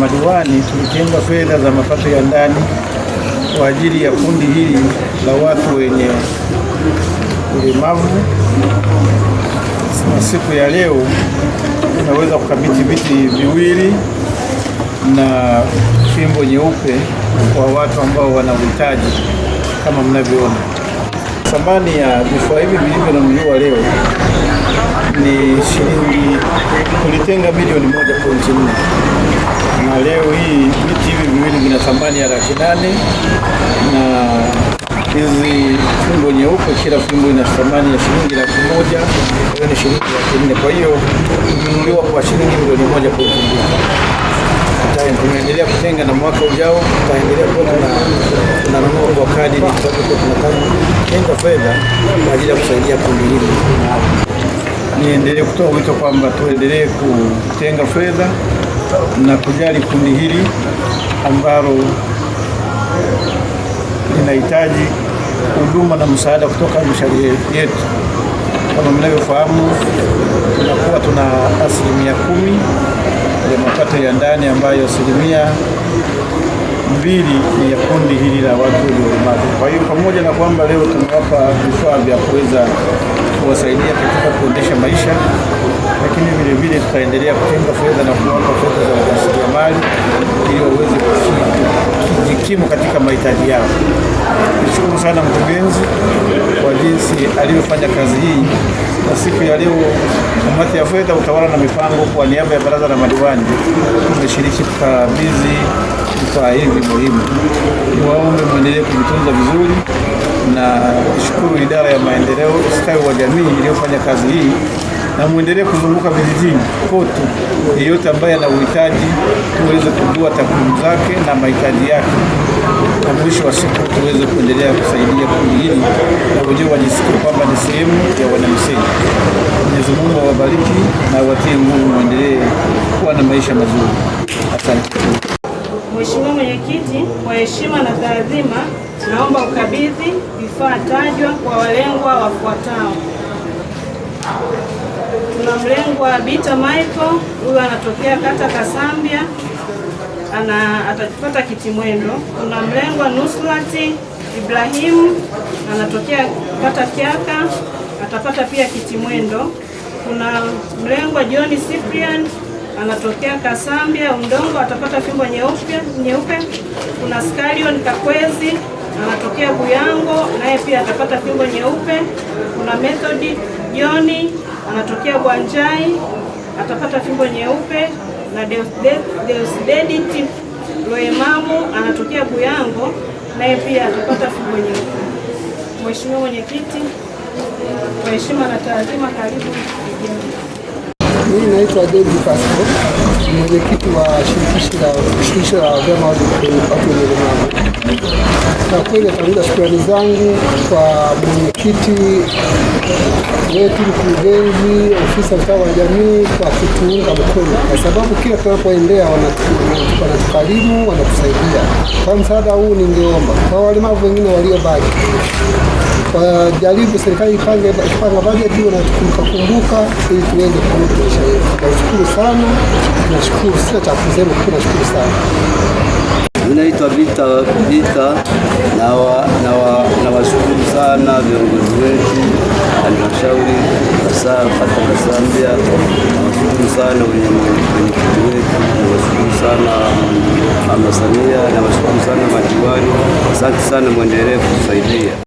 Madiwani tulitenga fedha za mapato ya ndani kwa ajili ya kundi hili la watu wenye ulemavu, na siku ya leo tunaweza kukabidhi viti viwili na fimbo nyeupe kwa watu ambao wana uhitaji kama mnavyoona. Thamani ya vifaa hivi vilivyonunuliwa leo ni shilingi, tulitenga milioni moja pointi nne na leo hii viti hivi viwili vina thamani ya laki nane na hizi fimbo nyeupe, kila fimbo ina thamani ya shilingi laki moja hiyo ni shilingi laki nne Kwa hiyo imenunuliwa kwa shilingi milioni moja kwa kuitumia. Tunaendelea kutenga na mwaka ujao tutaendelea kuwa tunanunua kwa kadi, kwa sababu tunataka kutenga fedha kwa ajili ya kusaidia kundi hili. Niendelee kutoa wito kwamba tuendelee kutenga fedha na kujali kundi hili ambalo linahitaji huduma na msaada kutoka halmashauri yetu. Kama mnavyofahamu, tunakuwa tuna asilimia kumi ya mapato ya ndani ambayo asilimia mbili ni ya kundi hili la watu wenye ulemavu. Kwa hiyo pamoja na kwamba leo tumewapa vifaa vya kuweza kuwasaidia katika kuendesha maisha lakini vilevile tutaendelea kutenga fedha na kuwapa fedha za mali ili waweze kujikimu katika mahitaji yao. Nishukuru sana mkurugenzi kwa jinsi alivyofanya kazi hii na siku ya leo kamati ya fedha, utawala na mipango, kwa niaba ya baraza la madiwani tumeshiriki kukabidhi vifaa hivi muhimu. Niwaombe mwendelee kuvitunza vizuri na shukuru idara ya maendeleo ustawi wa jamii iliyofanya kazi hii na muendelee kuzunguka vijijini kote, yeyote ambaye ana uhitaji tuweze kujua takwimu zake na mahitaji yake, na mwisho wa siku tuweze kuendelea kusaidia kundi hili na wenyewe wajisikie kwamba ni sehemu ya wanamisenyi. Mwenyezi Mungu awabariki na watie nguvu, mwendelee kuwa na maisha mazuri. Asante. Mheshimiwa Mwenyekiti, kwa heshima na taadhima, naomba ukabidhi vifaa tajwa kwa walengwa wafuatao. Kuna mlengwa Bita Michael, huyu anatokea kata Kasambia, ana atapata kiti mwendo. Kuna mlengwa Nuslati Ibrahimu anatokea kata Kyaka, atapata pia kiti mwendo. Kuna mlengwa John Cyprian anatokea Kasambia Undongo, atapata fimbo nyeupe nyeupe. Kuna Skalion Kakwezi anatokea Buyango, naye pia atapata fimbo nyeupe. Kuna Methodi Joni anatokea Gwanjai, atapata fimbo nyeupe. Na Deusdedit Loemamu anatokea Buyango, naye pia atapata fimbo nyeupe. Mheshimiwa Mwenyekiti, kwa heshima na taadhima, karibu. Mimi naitwa David Pasco mwenyekiti wa shirikisho la shirikisho la vyama watu wenye ulemavu. Na kweli natanguliza shukrani zangu kwa mwenyekiti wetu, mkurugenzi, ofisa ustawi wa jamii kwa kutuunga mkono, kwa sababu kila tunapoendea wanatukarimu, wanatusaidia. Kwa msaada huu ningeomba kwa walemavu wengine waliobaki wajaribu serikali ipange kupanga bajeti hiyo na tukakumbuka ili tuweze kukuza maisha Tunashukuru sana, tunashukuru, sina cha kusema, tunashukuru sana. Ninaitwa Vita Vita, na washukuru sana viongozi wetu, halmashauri Kasata Kasambia, nawashukuru sana mwenyekiti wetu, nawashukuru sana Mama Samia, nawashukuru sana madiwani. Asante sana, mwendelee kusaidia.